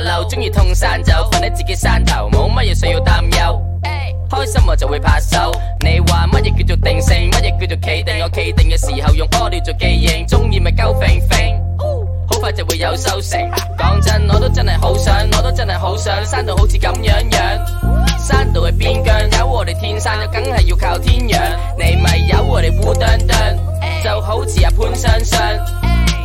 流中意通山就瞓喺自己山頭，冇乜嘢需要擔憂。開心我就會拍手。你話乜嘢叫做定性，乜嘢叫做企定？我企定嘅時候用屙尿做記認。中意咪鳩揈揈好快就會有收成。講真，我都真係好想，我都真係好想，山到好似咁樣樣。山到係邊疆，有我哋天山，梗係要靠天養。你咪有我哋烏墩墩，就好似阿潘雙雙。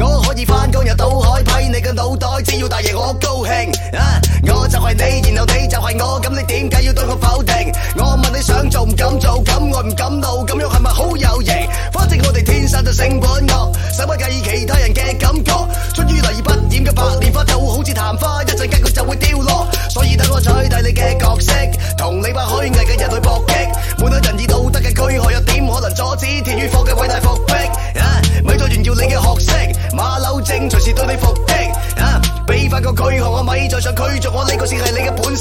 我可以翻江又倒海批你嘅腦袋，只要大爺我高興啊！我就係你，然後你就係我，咁你點解要對我否定？我問你想做唔敢做，咁我唔敢怒，咁樣係咪好有型？反正我哋天生就性本惡，使乜介意其他人嘅感覺？出於泥而不染嘅白蓮花，就會好似曇花，一陣間佢就會凋落。所以等我取締你嘅角色，同你話虛偽嘅人去搏擊，每個人以道德嘅軀。